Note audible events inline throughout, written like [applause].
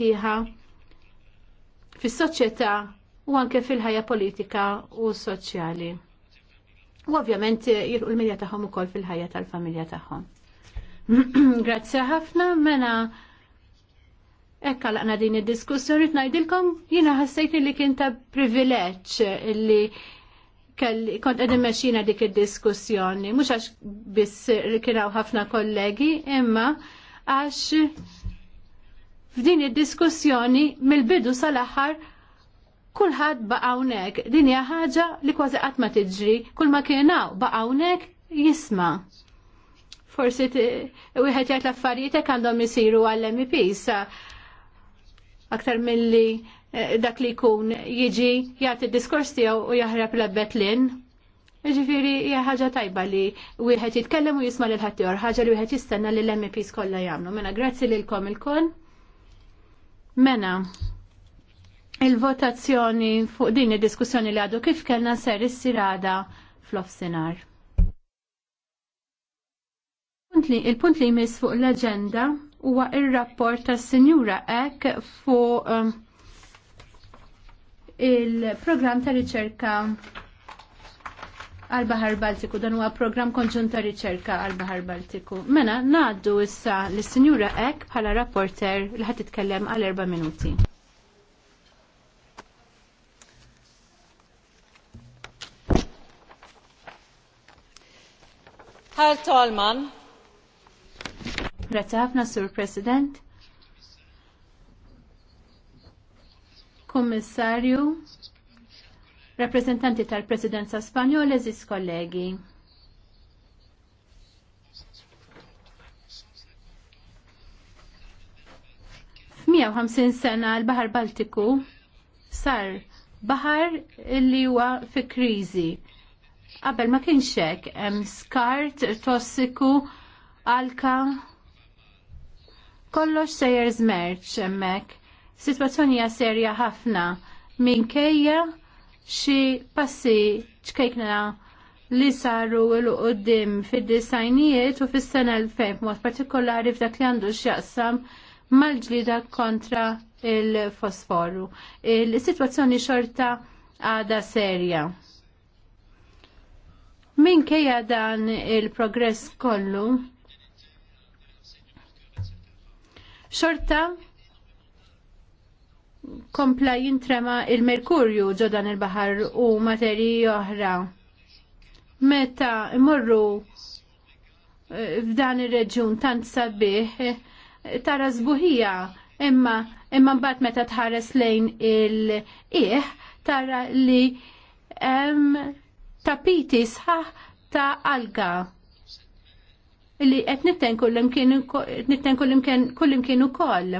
sħiħa fis-soċjetà u anke fil-ħajja politika u soċjali. U ovvjament jirqu l-milja tagħhom ukoll fil-ħajja tal-familja tagħhom. [clears throat] Grazzi ħafna mena Ekka laqna din id-diskussjoni tnajdilkom jiena ħassejt li kien ta' privileġġ li kelli kont qegħdin mexxina dik id-diskussjoni, mhux għax biss kienaw ħafna kollegi, imma għax f'din id-diskussjoni mill-bidu sal-aħħar kulħadd baqa' hawnhekk. Din hija ħaġa li kważi qatt ma tiġri, kull ma kien hawn baqa' hawnhekk jisma' forsi wieħed jgħid l-affarijiet hekk għandhom isiru għall-MEP sa aktar milli eh, dak li jkun jiġi jagħti d-diskors tiegħu u jaħrab l-abbet lin. Ġifiri, hija ħaġa tajba li wieħed jitkellem u jisma' lil ħaddieħor, ħaġa li wieħed jistenna lill MPs kollha jagħmlu. Mela grazzi lilkom ilkoll. Mena, il-votazzjoni fuq din id-diskussjoni li għadu kif kellna ser is-sirada fl-offsinar. Il-punt li jmiss fuq l-agenda huwa il rapport tas-Sinjura Ek fuq um, il-programm ta' riċerka għal-Bahar Baltiku, dan huwa program konġun ta' riċerka għal-Bahar Baltiku. Mena, naddu issa l-Sinjura Ek bħala rapporter li ħat titkellem għal erba' minuti. Herr talman. Grazie ħafna, Sur President. Kommissarju, rappresentanti tal-Presidenza Spanjola, eżis kollegi. F'150 sena l-Bahar Baltiku sar bahar li huwa fi kriżi. Qabel ma kienx hekk hemm skart tossiku alka kollox sejjer żmerġ hemmhekk. Sitwazzjoni hija serja ħafna minkejja xi passi ċkejkna li saru l qoddim fid-disajnijiet u fis-sena 2000 mod partikolari f'dak li għandu x'jaqsam mal-ġlida kontra il-fosforu. Il-sitwazzjoni xorta għada serja. Min kejja dan il-progress kollu? Xorta kompla jintrema il-merkurju ġodan il-bahar u materi oħra. Meta imorru eh, f'dan ir-reġjun tant sabiħ eh, tara żbuħija imma imma mbagħad meta tħares lejn il-qiegħ tara li hemm tapiti sħaħ ta' alga li qed nitten kienu ukoll.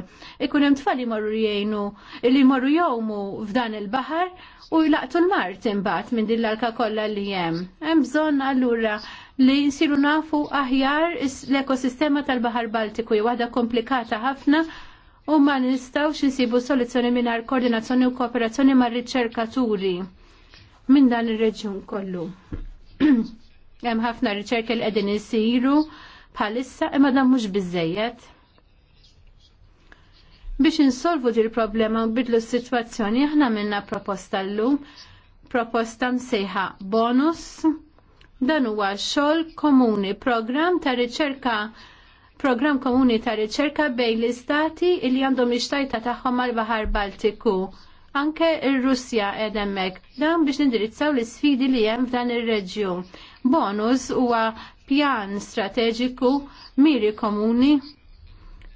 Ikun hemm tfal jmorru jgħinu li jmorru jgħumu f'dan il-baħar u jlaqtu l-mart imbagħad minn din l-alka kollha li hemm. Hemm bżonn allura li nsiru nafu aħjar l-ekosistema tal-Baħar Baltiku hija waħda komplikata ħafna u ma nistgħux insibu soluzzjoni mingħajr koordinazzjoni u kooperazzjoni mar-riċerkaturi minn dan ir-reġjun kollu. [clears throat] Hemm ħafna riċerka li qegħdin isiru bħalissa imma dan mhux biżejjed. Biex insolvu dir problema u bidlu s-sitwazzjoni aħna minna proposta llum, proposta msejħa bonus, dan huwa xogħol komuni, program ta' riċerka program komuni ta' riċerka bejn l-istati li għandhom ixtajta tagħhom għal bahar Baltiku. Anke ir-Russja edemmek, dan biex nindirizzaw l-sfidi li hemm f'dan ir-reġjun. Bonus huwa pjan strateġiku miri komuni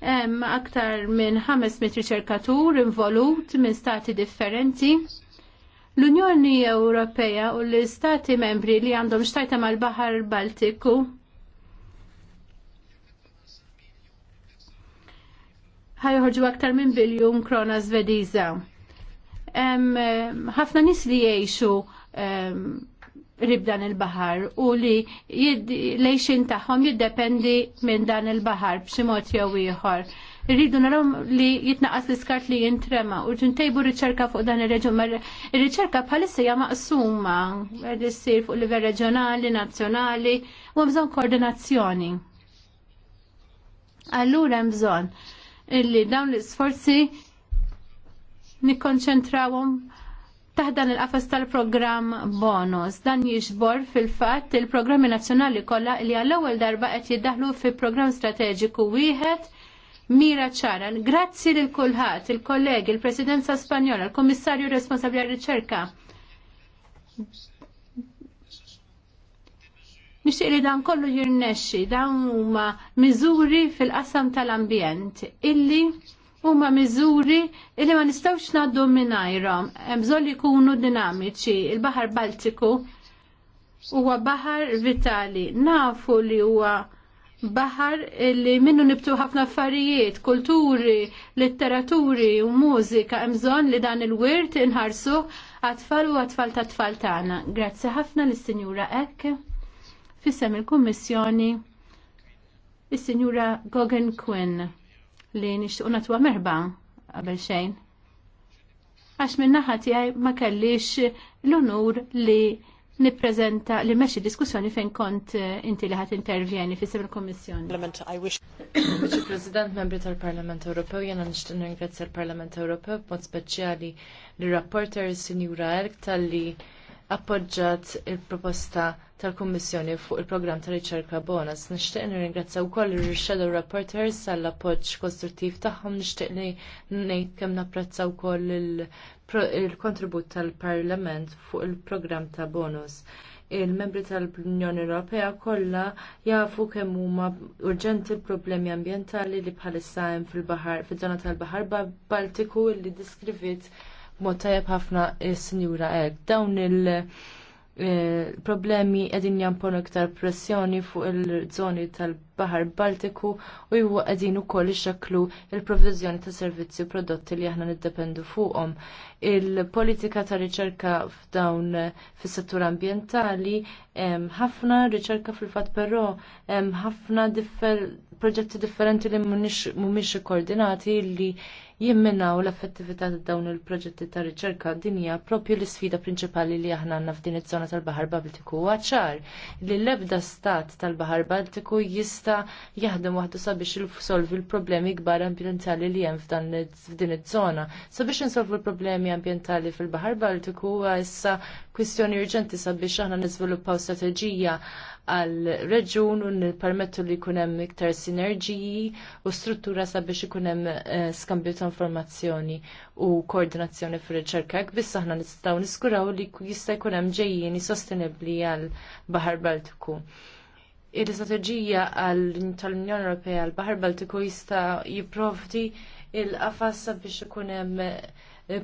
hemm aktar minn 500 riċerkatur involut minn stati differenti. L-Unjoni Ewropea u l istati membri li għandhom xtajta mal-Bahar Baltiku ħajħorġu aktar minn biljum krona zvediza. Ħafna nis li jgħixu Ribdan il-bahar u li lejxin tagħhom jiddependi minn dan il-bahar b'xi mod jew ieħor. Irridu narom li jitnaqas l-iskart li jintrema u ġintejbu riċerka fuq dan ir-reġun. Ir-riċerka bħalissa hija maqsuma li ssir fuq livell reġjonali, nazzjonali u bżonn koordinazzjoni. Allura hemm bżonn li dawn l-isforzi nikkonċentrawhom taħdan il-qafas tal-programm bonus. Dan jiġbor fil-fatt il-programmi nazzjonali kollha li għall-ewwel darba qed jiddaħlu fil programm strateġiku wieħed Mira ċara, grazzi lil kulħadd, il-kollegi, il-Presidenza Spanjola, il kummissarju responsabbli għal-riċerka. Nixtieq li dan kollu jirnexxi dawn huma miżuri fil-qasam tal-ambjent illi huma miżuri li ma nistgħux ngħaddu mingħajrhom. Hemm bżonn dinamiċi. Il-Baħar Baltiku huwa baħar vitali. Nafu li huwa baħar li minnu nibtu ħafna affarijiet, kulturi, litteraturi u mużika hemm bżonn li dan il-wirt inħarsu għatfal u għatfal ta' tfal tagħna. Grazzi ħafna l sinjura Ek fissem il-Kummissjoni is-Sinjura Gogan Quinn li nixtiequ natwa merba qabel xejn. Għax minn ħati tiegħi ma kellix l-unur li nippreżenta li meċi diskussjoni fejn kont eh, inti li ħat intervjeni fi il-Kommissjoni. [coughs] Viċi President, membri tal-Parlament Ewropew, jena nixtieq ringrazzja l-Parlament Ewropew b'mod speċjali l-rapporter Sinjura Erk tal-li appoġġat il-proposta tal-Kummissjoni fuq il-programm ta' riċerka bonus. Nixtieq nirringrazzja wkoll ir-Shadow Rapporters għall-appoġġ kostruttiv tagħhom nixtieq ngħid kemm napprezza wkoll il-kontribut tal-Parlament fuq il-programm ta' bonus. Il-membri tal-Unjoni Ewropea kollha jafu kemm huma urġenti l-problemi ambjentali li bħalissa hemm fil-baħar fiż-żona tal-Baħar Baltiku li diskrivit b'mod tajjeb ħafna is-Sinjura Ek. Dawn il- Eh, problemi edin jamponu iktar pressjoni fuq il-żoni tal-Bahar Baltiku u jwa edin u koll xaklu il-provizjoni ta' servizzi u prodotti li aħna niddependu fuqhom. Il-politika ta' riċerka f'dawn fis-settur ambientali ħafna riċerka fil-fatt però hemm ħafna differ proġetti differenti li mhumiex koordinati li jimminaw l-effettività ta' dawn il-proġetti ta' riċerka din hija propju l-isfida prinċipali li aħna għandna f'din iż-żona tal-Baħar Baltiku. għacċar li l-ebda stat tal-Baħar Baltiku jista' jaħdem waħdu sabiex il-solvi l-problemi kbar ambjentali li hemm f'din iż-żona. Sabiex insolvu l-problemi ambjentali fil-Baħar Baltiku huwa issa kwistjoni urġenti sabiex aħna niżviluppaw strateġija għal-reġun u nil-permettu li jkun hemm iktar sinerġiji u struttura sabiex ikun hemm eh, skambju ta' informazzjoni u koordinazzjoni fir-riċerka hekk biss aħna nistgħu niskuraw li jista' jkun hemm ġejjieni sostenibbli għall-Baħar Baltiku. Il-istrateġija tal-Unjoni Ewropea għall-Baħar Baltiku jista' jipprovdi il-qafas sabiex ikun hemm eh,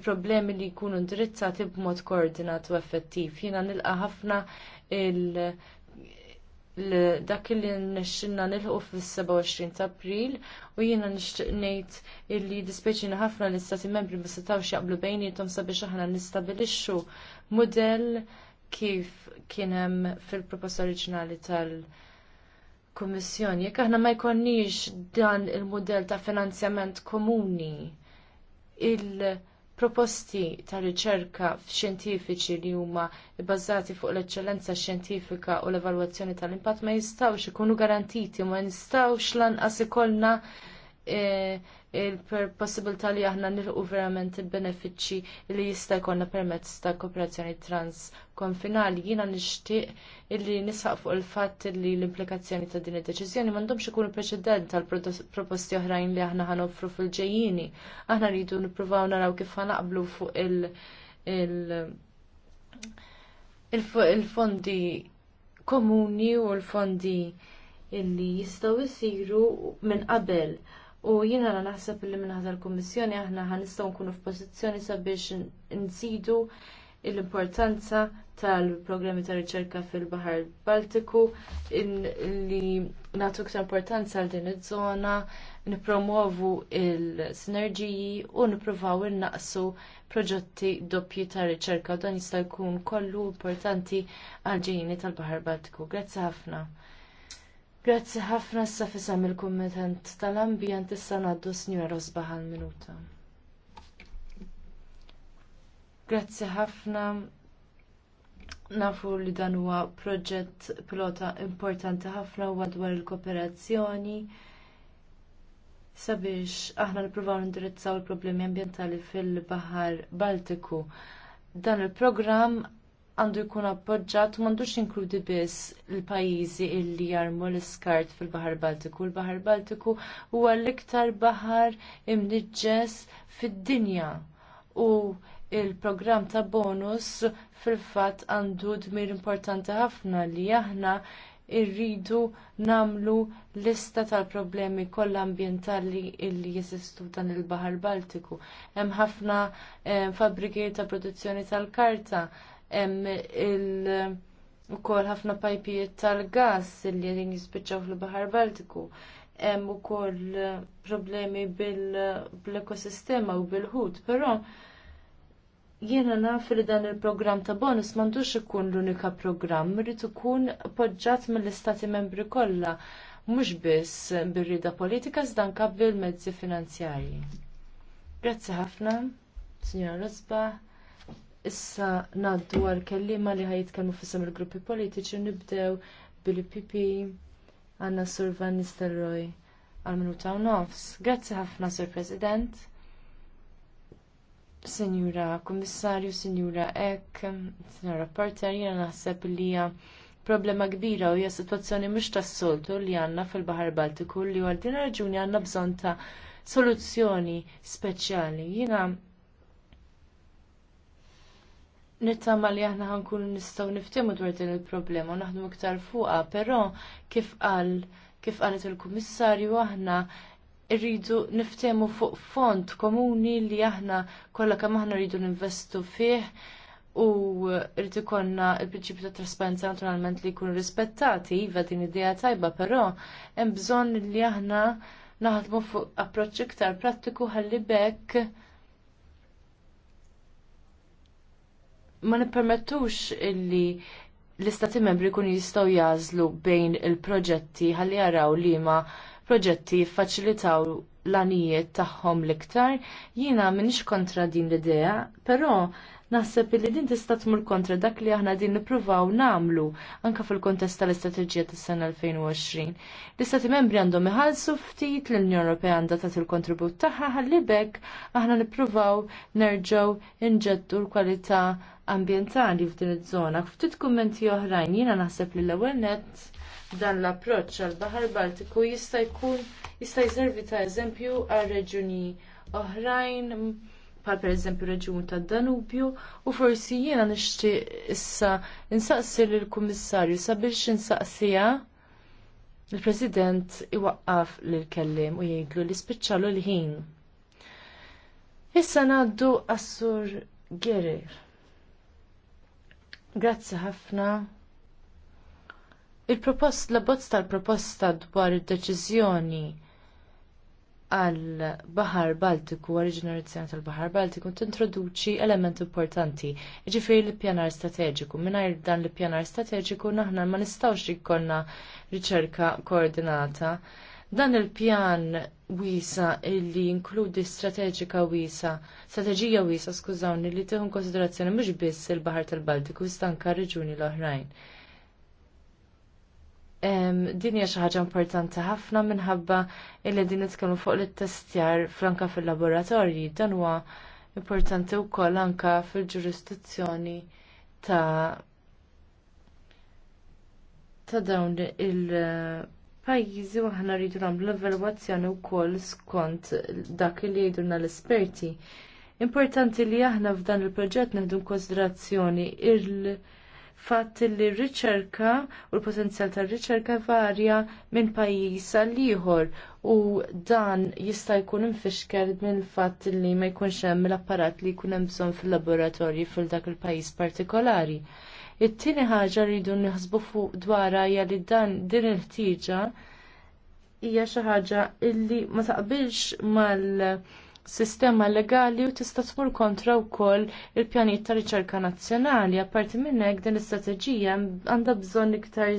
problemi li jkunu indirizzati b'mod koordinat u effettiv. Jiena nilqa' ħafna il- dak li nixxinna nilħu fis-27 ta' April u jiena nixtieq ngħid illi dispeċina ħafna l-istati membri ma setgħux jaqblu bejnietom sabiex aħna nistabilixxu mudell kif kien hemm fil-proposta oriġinali tal-Kummissjoni. Jekk aħna ma jkollniex dan il-mudell ta' finanzjament komuni il- proposti ta' riċerka xjentifiċi li huma bbażati fuq l-eċċellenza xjentifika u l-evalwazzjoni tal-impatt ma jistgħux ikunu garantiti ma jistgħux lanqas ikollna il-possibilità li aħna nilqu verament il-benefiċċji li jista' jkollna permezz ta' kooperazzjoni transkonfinali. Jiena nixtieq illi nisħaq fuq il-fatt li l-implikazzjoni ta' din id-deċiżjoni m'għandhomx ikunu preċedent tal proposti oħrajn li aħna ħanoffru fil-ġejjini. Aħna rridu nippruvaw naraw kif ħanaqblu fuq il-fondi komuni u l-fondi illi jistgħu jsiru minn qabel U jiena naħseb li minn ħadha l-Kummissjoni aħna ħanistgħu nkunu f'pożizzjoni sabiex nżidu l-importanza tal-programmi ta' riċerka fil-Baħar Baltiku li nagħtu iktar importanza għal din iż-żona, nippromovu l sinerġiji u nippruvaw innaqsu proġetti doppji ta' riċerka u dan jista' jkun kollu importanti għal ġejjini tal bahar Baltiku. Grazzi ħafna. Grazzi ħafna s fisam il-kommentant tal-ambjent issa ngħaddu snjura Rosbaħal minuta. Grazzi ħafna nafu li dan huwa proġett pilota importanti ħafna u dwar il-kooperazzjoni sabiex aħna nippruvaw nindirizzaw il-problemi ambjentali fil-Baħar Baltiku. Dan il-programm għandu jkun appoġġat u m'għandux inkludi biss il-pajjiżi illi jarmu l-iskart fil-Baħar Baltiku. Il-Baħar Baltiku huwa l-iktar baħar imniġġes fid-dinja u il-programm ta' bonus fil-fatt għandu dmir importanti ħafna li aħna irridu nagħmlu lista tal-problemi kollha ambjentali li jeżistu dan il-Baħar Baltiku. Hemm ħafna eh, fabbriki ta' produzzjoni tal-karta, hemm il- ukoll ħafna pajpijiet tal-gas li qegħdin jispiċċaw fil-Baħar Baltiku. Hemm ukoll problemi bil-ekosistema u bil-ħut, però jiena naf li dan il-programm ta' bonus m'għandux ikun l-unika programm, irid ikun appoġġjat mill-istati membri kollha mhux biss bir-rieda politika zdanka bil-mezzi finanzjarji. Grazzi ħafna, sinjora Rosbach issa naddu għal kelliema li ħajitkellmu fissam il-gruppi politiċi nibdew bil-PP għanna Sur Van Nistelrooy għal minuta u nofs. Grazzi ħafna Sur President. Senjura Komissarju, Senjura Ek, Senjura Porter, jena naħseb li hija problema kbira u hija sitwazzjoni mhux tas-soltu li għandna fil-Baħar Baltiku li għal din raġuni għandna bżonn ta' soluzzjoni speċjali. Jiena nittama li aħna ħankunu nistgħu niftimu dwar din il-problema u naħdmu iktar fuqha, però kif qal kif qalet il-Kummissarju aħna rridu niftemu fuq fond komuni li aħna kollha kemm aħna rridu ninvestu fih u rrid ikollna l-prinċipju ta' trasparenza naturalment li jkunu rispettati, iva din idea tajba, però hemm bżonn li aħna naħdmu fuq approċċ iktar prattiku ħalli bekk ma nippermettux illi l-istati membri kun jistaw jazlu bejn il-proġetti ħalli jaraw li ma proġetti faċilitaw l-anijiet tagħhom l-iktar, jina minix kontra din l-idea, però Naħseb li din tista' tmur kontra dak li aħna din nippruvaw nagħmlu anke fil-kontest tal-istrateġija tas-sena 2020. L-istati membri għandhom iħallsu ftit l-Unjoni Ewropea għandha tagħti l-kontribut tagħha ħalli bekk aħna nippruvaw nerġgħu inġettu l-kwalità ambjentali f'din iż-żona. Ftit kummenti oħrajn jiena naħseb li l-ewwel nett dan l-approċċ għall baħar Baltiku jista' jkun jista' jservi ta' eżempju għal reġjuni oħrajn per pereżempju reġjun tad Danubju u forsi jiena nixtieq issa insaqsi lill-Kummissarju sabiex insaqsija il-President iwaqqaf lil kellim u jgħidlu li spiċċalu l-ħin. Issa ngħaddu Assur Gerir. Grazzi ħafna. Il-propost, la bozz tal-proposta dwar il deċiżjoni għal Bahar Baltiku, għal-ġenerazzjoni tal-Bahar Baltiku, tintroduċi element importanti, ġifiri l-pjanar strateġiku. Mingħajr dan l-pjanar strateġiku naħna ma nistgħux jkollna riċerka koordinata. Dan il-pjan wiesa illi jinkludi strateġika wiesa, strateġija wiesa, skużawni, li tieħu konsiderazzjoni mhux biss il-Bahar tal-Baltiku, istanka reġuni l-oħrajn din hija xi ħaġa importanti ħafna minħabba illi din nitkellmu fuq l-testjar franka fil-laboratorji. Dan huwa importanti wkoll anke fil-ġurisdizzjoni ta' ta' dawn il-pajjiżi u aħna rridu nagħmlu evalwazzjoni wkoll skont dak li jgħidulna l-esperti. Importanti li aħna f'dan il-proġett neħdu konsiderazzjoni il-, -il fatt li r-riċerka u l-potenzjal tar-riċerka varja minn pajjiż għal ieħor u dan jista' jkun infixkel mill fatt li ma jkunx hemm l-apparat li jkun hemm bżonn fil-laboratorji fil dak il-pajjiż partikolari. It-tieni ħaġa li jdu nieħsbu fuq dwarha hija li dan din il-ħtieġa hija xi ħaġa illi ma taqbilx mal- sistema legali u tista' tmur kontra wkoll il-pjanijiet ta' riċerka nazzjonali. Apparti minn hekk din l-istrateġija għandha bżonn iktar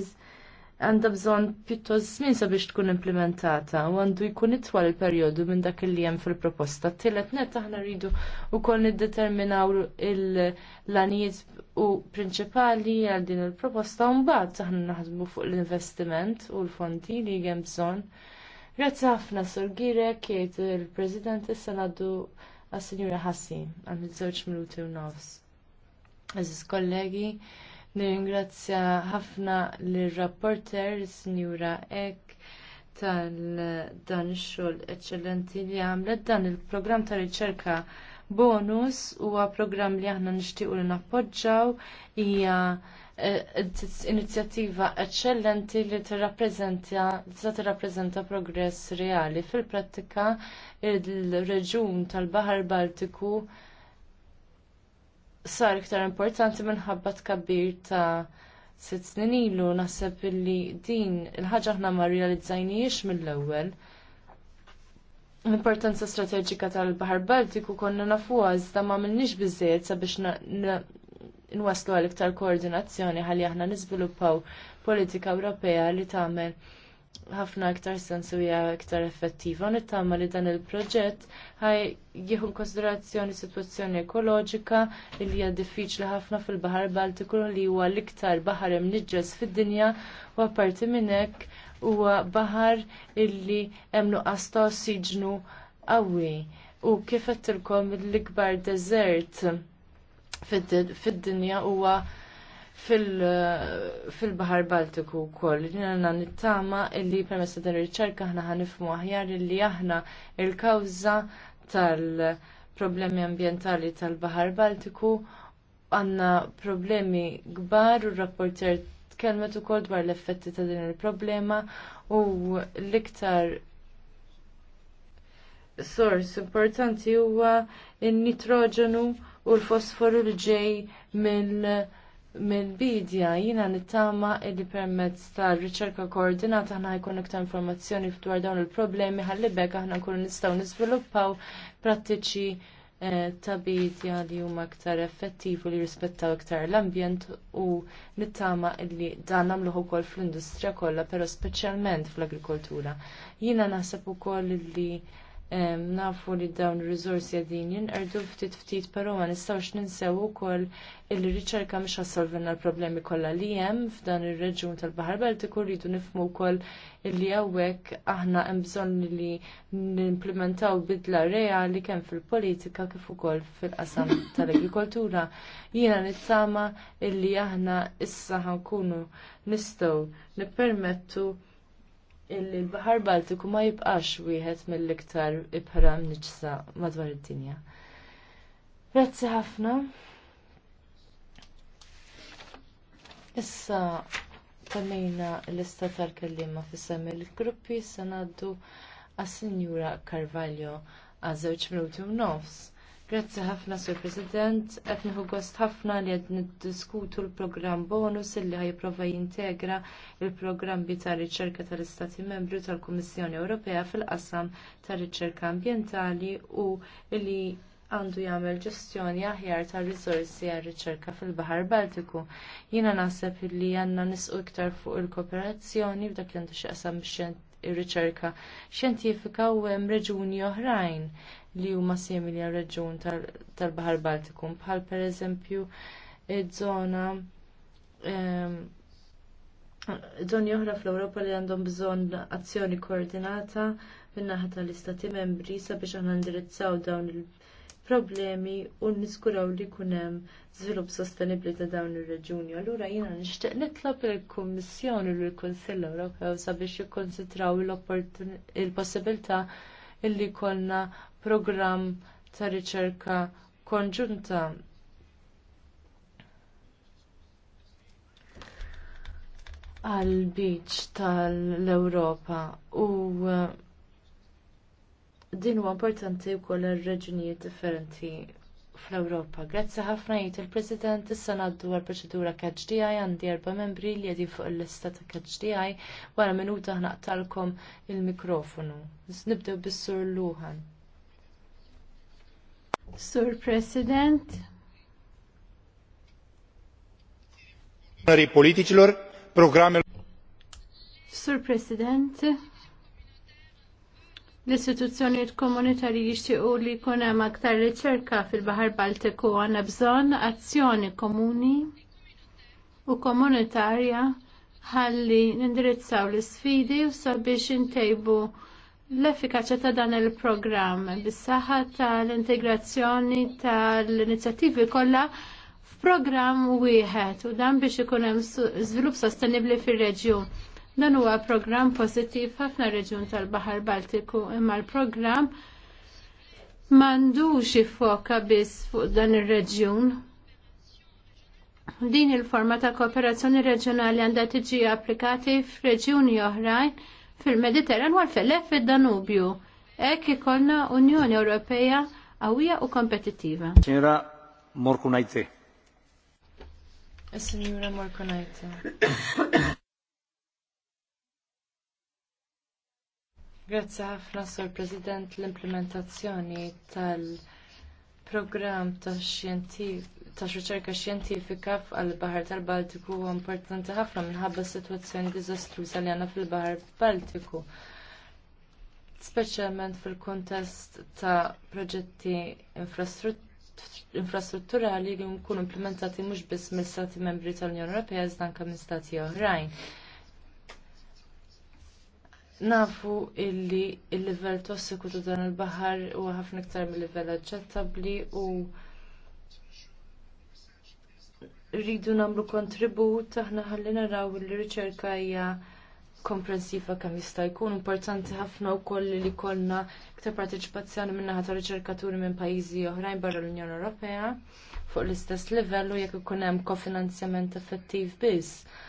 għandha bżonn pjuttost żmien sabiex tkun implementata u għandu jkun itwal il-perjodu minn dak li hemm fil-proposta. Tielet net aħna rridu wkoll niddeterminaw l-għanijiet u prinċipali għal din il-proposta u mbagħad aħna naħdmu fuq l-investiment u l-fondi li hemm bżonn Grazzi ħafna, Sur Girek, jgħid il-President issa ngħaddu għas-Sinjura Hassi għal żewġ minuti u nofs. Eżis kollegi, nirringrazzja ħafna lir-rapporter, Signora Ek, tal-dan ix-xogħol eċċellenti li għamlet dan il-programm ta' riċerka bonus huwa programm li aħna nixtiequ li nappoġġaw hija Eh, inizjattiva eccellenti li tirrappreżenta progress reali. Fil-prattika, il-reġun tal-Bahar Baltiku sar iktar importanti minħabba tkabbir ta' sitt snin ilu naħseb li din il-ħaġa aħna ma rrealizzajniex mill-ewwel. L-importanza strateġika tal-Bahar Baltiku konna nafuha iżda ma minnix biżejjed sabiex nwaslu għal iktar koordinazzjoni ħalli aħna niżviluppaw politika Ewropea li tagħmel ħafna iktar u hija iktar effettiva. Nittama li dan il-proġett ħaj jieħu konsiderazzjoni sitwazzjoni ekoloġika li hija diffiċli ħafna fil-Baħar Baltiku li huwa l-iktar baħar imniġġes fid-dinja u apparti minn hekk huwa baħar illi hemm nuqqas ta' ossiġnu qawwi. U kif qedtilkom l-ikbar deżert fid-dinja huwa fil-Bahar Baltiku wkoll. Jiena nittama illi permessa din ir-riċerka aħna ħanifmu aħjar illi aħna il-kawża tal-problemi ambjentali tal-Bahar Baltiku għandna problemi kbar u rapporter tkellmet ukoll dwar l-effetti ta' din il-problema u l-iktar sors importanti huwa n-nitroġenu u l-fosforu li ġej mill bidja jina nittama li permezz ta' riċerka koordinata aħna jkun iktar informazzjoni dwar dawn il-problemi ħalli bekk aħna nkunu nistgħu niżviluppaw prattiċi eh, ta' bidja li huma aktar effettivi li rispettaw iktar l-ambjent u nittama li dan nagħmluh ukoll fl-industrija kollha però speċjalment fl-agrikoltura. Jiena naħseb ukoll li nafu li dawn ir-riżorsi qegħdin jinqerdu ftit ftit però ma nistgħux ninsew ukoll il-riċerka mhux ħassolvilna l-problemi kollha li hemm f'dan ir-reġjun tal-Baħar Baltiku rridu nifhmu wkoll li hawnhekk aħna hemm bżonn li nimplementaw bidla reali kemm fil-politika kif ukoll fil-qasam tal-agrikoltura. Jiena nittama illi aħna issa ħankunu nistgħu nippermettu illi l-Bahar Baltiku ma jibqax wieħed mill-iktar ibħra mniċsa madwar id-dinja. Grazzi ħafna. Issa temmejna l ista tal-kellima fissam il-gruppi sanaddu għas-Sinjura Carvalho għal żewġ minuti u nofs. Grazzi ħafna, Sur President. Qed nieħu gost ħafna li qed niddiskutu l-programm bonus illi ħajprova jintegra il-programmi ta' riċerka tal-Istati Membri tal-Kummissjoni Ewropea fil-qasam ta' riċerka ambjentali u li għandu jagħmel ġestjoni aħjar tar risorsi għar riċerka fil-Baħar Baltiku. Jiena naħseb li għandna nisqu iktar fuq il-kooperazzjoni b'dak li għandu x'qasam ir-riċerka xjentifika u hemm reġuni oħrajn li huma simili għal reġjun tal-Baħar Baltikum bħal pereżempju iż-żona ehm, żoni oħra fl-Ewropa li għandhom bżonn azzjoni koordinata min-naħa tal-Istati Membri sabiex aħna ndirizzaw dawn il-problemi u niskuraw li jkun hemm żvilupp sostenibbli ta' dawn ir-reġuni. Allura jiena nixtieq nitlob il-Kummissjoni u l-Kunsill Ewropew sabiex jikkonsidraw l-possibilità illi jkollna programm ta' riċerka konġunta. għal beach tal-Ewropa u uh, din huwa importanti wkoll għal-reġunijiet differenti fl-Ewropa. Grazzi ħafna jgħid il-President issa ngħaddu għal proċedura KHDI għandi erba' membri li qegħdin fuq il-lista ta' KHDI wara minuta ħnaqtalkom il-mikrofonu. Nibdew bis-Sur Luhan. Sur President. Sur President. L-istituzzjonijiet komunitarji jixtiequ li jkun hemm aktar riċerka fil-Baħar Baltiku għandna bżonn azzjoni komuni u komunitarja ħalli nindirizzaw l isfidi u sabiex intejbu l-effikaċja ta' dan il-programm bis-saħħa tal-integrazzjoni tal-inizjattivi kollha f'programm wieħed u dan biex ikun hemm żvilupp sostenibbli fir-reġjun. Dan huwa programm pożittiv ħafna reġjun tal-Baħar Baltiku imma l-programm m'għandux ifoka biss fuq dan ir-reġjun. Din il-forma ta' kooperazzjoni reġjonali għandha tiġi applikati f'reġjuni oħrajn fil-Mediterran għal fellef fil-Danubju. Ek ikolna Unjoni Ewropeja għawija u kompetitiva. Signora Morkunajte. Signora Morkunajte. Grazie ħafna, Sor President, l-implementazzjoni tal-programm tax xjentif ta' riċerka xjentifika għall-Baħar tal-Baltiku huwa importanti ħafna minħabba s-sitwazzjoni diżastruża li għandna fil-Baħar Baltiku. Speċjalment fil-kontest ta' proġetti infrastrutturali li nkunu implementati mhux biss mill-Stati Membri tal-Unjoni Ewropea iżda anke minn stati oħrajn. Nafu illi il-livell tossiku ta' dan il-baħar huwa ħafna iktar mill-livell aċċettabbli u rridu nagħmlu kontribut aħna ħalli naraw li riċerka hija komprensiva kemm jista' jkun importanti ħafna wkoll li jkollna iktar parteċipazzjoni minn naħa ta' riċerkaturi minn pajjiżi oħrajn barra l-Unjoni Ewropea fuq l-istess livell u jekk ikun hemm kofinanzjament effettiv biss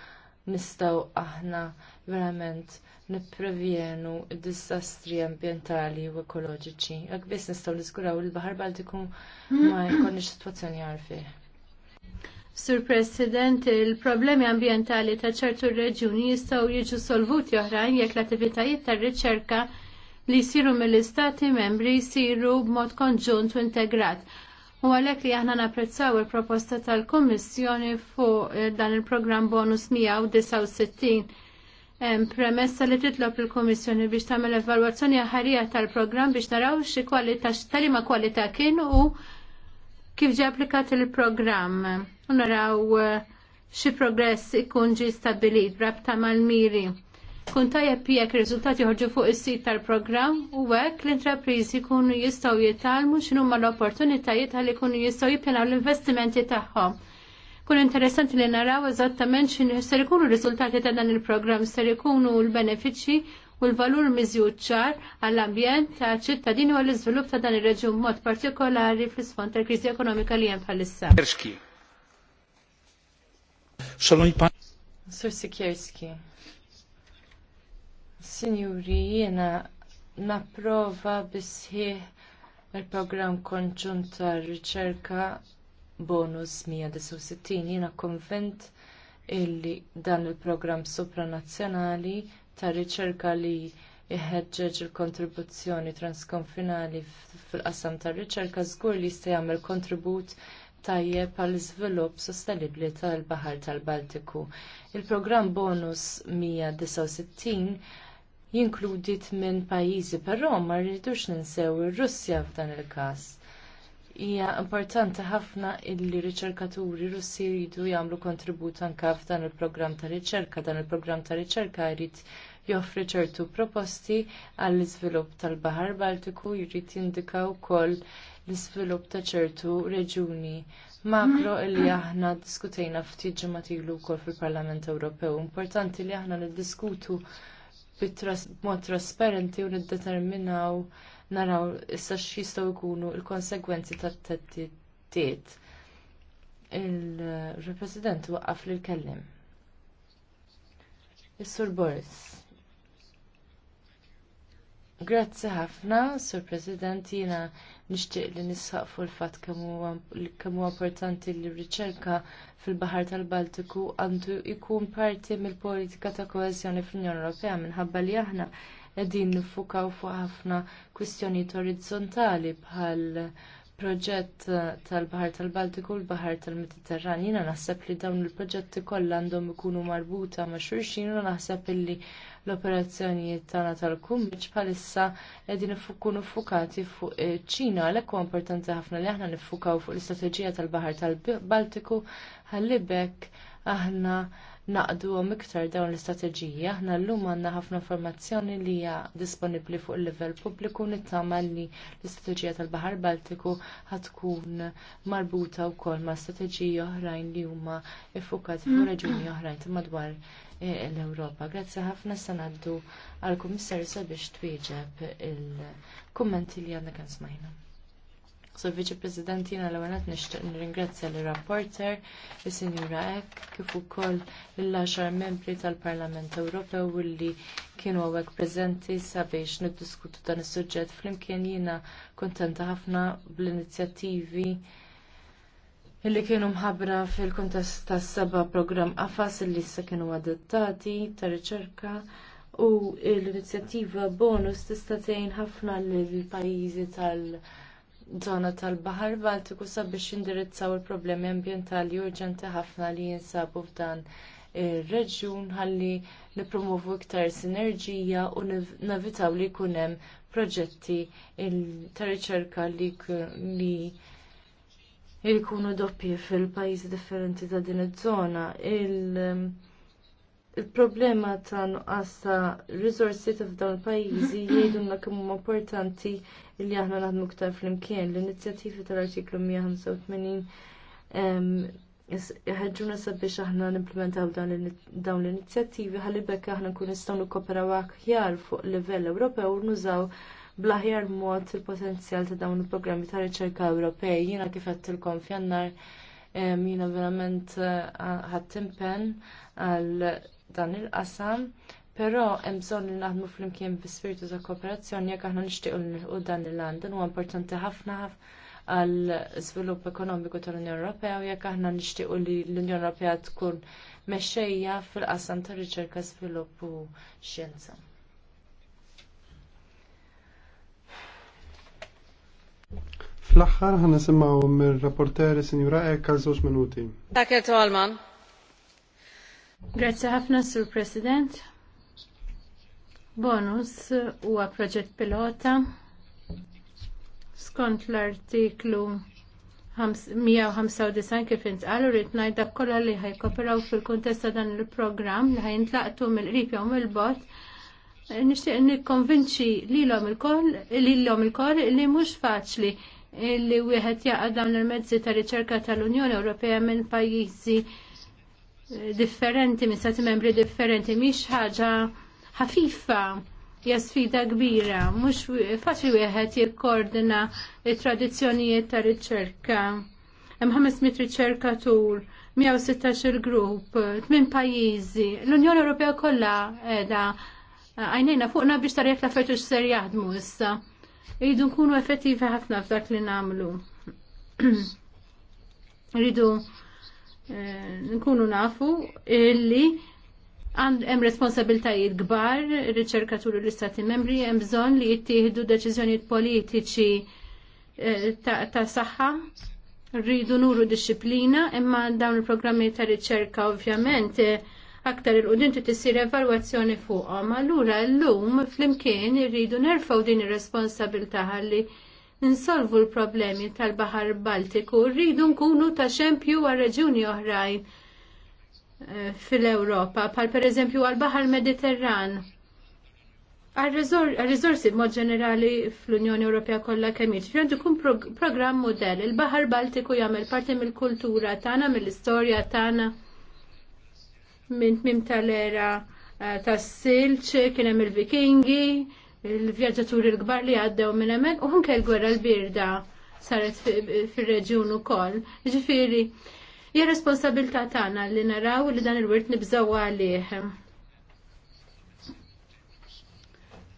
nistgħu aħna verament nipprevjenu d-disastri ambjentali u ekoloġiċi. Għak biss nistgħu niżguraw li l-Baħar Baltiku ma jkollniex sitwazzjoni għarfih. Sur President, il-problemi ambjentali ta' ċertu reġjuni jistgħu jiġu solvuti oħrajn jekk l-attivitajiet tar-riċerka li jsiru mill-istati membri jsiru b'mod konġunt u integrat. U għalhekk li aħna napprezzaw il-proposta tal-Kummissjoni fuq eh, dan il-programm bonus 169 premessa li titlob il kummissjoni biex tagħmel evalwazzjoni ħarija tal-programm biex naraw xi kwalità ma kwalità kien u kif ġie applikat il-programm naraw uh, xi progress ikun ġi stabilit rabta mal-miri. Kun tajjeb jekk ir-riżultati joħorġu fuq is-sit tal-programm u hekk l-intrapriżi jkunu jistgħu jitalmu x'inhu l-opportunitajiet għal ikunu jistgħu jippjanaw l-investimenti tagħhom. Kun interessanti li naraw eżattament x'inhu ser ikunu r-riżultati ta' dan il-programm ser ikunu l-benefiċċji u l-valur miżjud ċar għall-ambjent ta' ċittadini u l-iżvilupp ta' dan ir-reġjun mod partikolari fl-isfond tal-kriżi ekonomika li hemm bħalissa. Xaloni pan. Sur Sikjerski. Signori, jena naprova bisħi il-program konġunt tar riċerka bonus 169 jiena konvent illi dan il-program supranazzjonali tar riċerka li iħeġġeġ il-kontribuzzjoni transkonfinali fil-qasam tar riċerka żgur li jista' jagħmel kontribut tajjeb għall iżvilupp sostenibbli tal-Baħar tal-Baltiku. Il-programm Bonus 169 jinkludi minn pajjiżi, però ma rridux ninsew ir-Russja f'dan il-każ. Hija importanti ħafna illi riċerkaturi Russi jridu jagħmlu kontribut anke f'dan il-programm ta' riċerka. Dan il-programm ta' riċerka jrid joffri ċertu proposti għall iżvilupp tal-Baħar Baltiku jrid jindika wkoll l-iżvilupp ta' ċertu reġuni makro li aħna diskutejna ftit ilu wkoll fil-Parlament Ewropew. Importanti li aħna niddiskutu b'mod trasparenti u niddeterminaw naraw issa x'jistgħu jkunu l-konsegwenzi tat-tettiet. Il-President waqaf lil kellim. Is-Sur Boris. Grazzi ħafna, Sur President, jina nishtiq li nisħaq fuq il-fat kemmu importanti li riċerka fil-Bahar tal-Baltiku għandu jkun parti mill-politika ta' koezjoni fl-Unjoni Ewropea minħabba li aħna qegħdin nifukaw fuq ħafna kwistjonijiet orizzontali bħal proġett tal-Bahar tal-Baltiku l-Bahar tal-Mediterran. Jina naħseb li dawn il-proġetti kollha għandhom ikunu marbuta ma' xulxin u naħseb illi l-operazzjonijiet tagħna tal-kummerċ bħalissa qegħdin ikunu ffukati fuq eh, ċina għalhekk huwa importanti ħafna li aħna niffukaw fuq l-istrateġija tal-Baħar tal-Baltiku ħallibek aħna naqdu għom iktar dawn l-istrateġija, aħna llum għandna ħafna informazzjoni li hija disponibbli fuq il-livell pubbliku nittama li l-istrateġija tal-Baħar Baltiku ħatkun marbuta wkoll ma' strateġiji oħrajn li huma iffukati fuq reġuni oħrajn madwar l-Ewropa. Grazzi ħafna se ngħaddu għall kummissarju sabiex twieġeb il-kummenti li għandna kan smajna. So Viċi President l-ewwel qed nirringrazzja l rapporter is-Sinjura Ek kif ukoll l għaxar membri tal-Parlament Ewropew li kienu għawek preżenti sabiex niddiskutu dan is-suġġett flimkien jiena kuntenta ħafna bl-inizjattivi illi kienu mħabra fil-kontest ta' seba programm AFAS illi issa kienu adottati ta' riċerka u l-inizjattiva bonus tista' tgħin ħafna lill pajjiżi tal-żona tal-Baħar Baltiku sabiex indirizzaw il-problemi ambjentali urġenti ħafna li jinsabu f'dan ir-reġjun ħalli nippromovu iktar sinerġija u navitaw li jkun hemm proġetti ta' riċerka li jkunu doppji fil-pajjiżi differenti ta' din iż-żona. Il-problema il ta' nuqqas ta' risorsi ta' f'dawn il-pajjiżi [coughs] jgħidunna kemm huma importanti li aħna naħdmu iktar flimkien. L-inizjattivi tal-artiklu 185 ħedġuna sabiex aħna nimplementaw dawn l-inizjattivi ħalli bekk aħna nkun nistgħu nikkoperaw aħjar fuq livell Ewropew u nużaw blaħjar mod il-potenzjal ta' dawn il-programmi ta' riċerka Ewropej. Jiena kif għattilkom fjannar jiena verament eh, ħaddimpenn għal dan il-qasam. Però hemm bżonn li naħdmu flimkien bi spiritu ta' kooperazzjoni jekk aħna nixtiequ nilħu dan il land Dan huwa importanti ħafna għal żvilupp ekonomiku tal-Unjoni Ewropea u jekk aħna nixtiequ li l-Unjoni Ewropea tkun mexxejja fil-qasam tar riċerka, żvilupp u xjenza. Fl-axħar ħana nisimaw mir-rapporteri Sinjura Eka żewġ minuti. Dak Alman. Grazzi ħafna, Sur President. Bonus huwa proġett pilota skont l-artiklu 195 kif intqal rrid ngħid kollha li ħajkoperaw fil-kuntest ta' dan il-programm li ħajntlaqtu mill-qrib jew mill-bot nishtiq nikkonvinċi lilhom il-koll l-om il-koll li mhux faċli li wieħed jaqa' dawn il-mezzi ta' riċerka tal-Unjoni Ewropea minn pajjiżi eh, differenti, minn stati membri differenti, mhix ħaġa ħafifa hija sfida kbira, mhux faċli wieħed jikkoordina t-tradizzjonijiet ta' riċerka. Hemm 500 riċerkatur. 116 il-grupp, 8 pajjiżi, l-Unjoni Ewropea kollha qiegħda għajnejna fuqna biex tarjek la fetu ser jaħdmu issa. Rridu nkunu effettivi ħafna f'dak li namlu. [clears throat] Rridu eh, nkunu nafu illi hemm responsabiltajiet kbar, riċerkaturi l-istati membri, hemm bżonn li jittieħdu deċiżjonijiet politiċi eh, ta' saħħa, rridu nuru disċiplina, imma dawn il-programmi ta' riċerka ovvjament eh, aktar il-qudin trid isir evalwazzjoni fuqhom. Allura llum flimkien irridu nerfgħu din ir-responsabilità ħalli insolvu l-problemi tal-Baħar Baltiku, rridu nkunu ta' xempju għal reġuni oħrajn eh, fil-Ewropa, pal per eżempju għal baħar Mediterran. Għal-rizorsi b'mod ġenerali fl-Unjoni Ewropea kollha kemm jiġri għandu jkun programm modell. Il-Baħar Baltiku jagħmel parti mill-kultura tagħna, mill-istorja tagħna minn tmim tal-era eh, tas-silċ, kien hemm il-Vikingi, il-vjaġġaturi l-kbar li għaddew minn hemmhekk u anke l-gwerra l-birda saret fir-reġjun ukoll. Ġifieri, hija responsabilità tagħna li naraw li dan il-wirt nibżgħu għalih.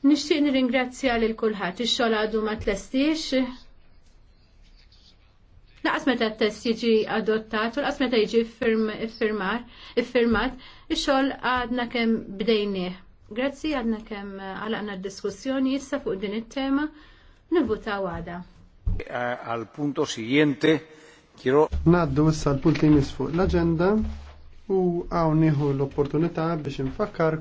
Nixtieq nirringrazzja lil kulħadd, ix-xogħol għadu ma tlestix, Naqas meta t-test jiġi adottat u laqas meta jiġi firmat, il xogħol għadna kemm bdejnieh. Grazzi għadna kemm eh, għalqna d-diskussjoni issa fuq din it-tema nivvutaw għada. Għal eh, punto siguiente, kiro. Naddu issa l punti misfuq fuq l-agenda u għawniħu l-opportunità biex nfakkar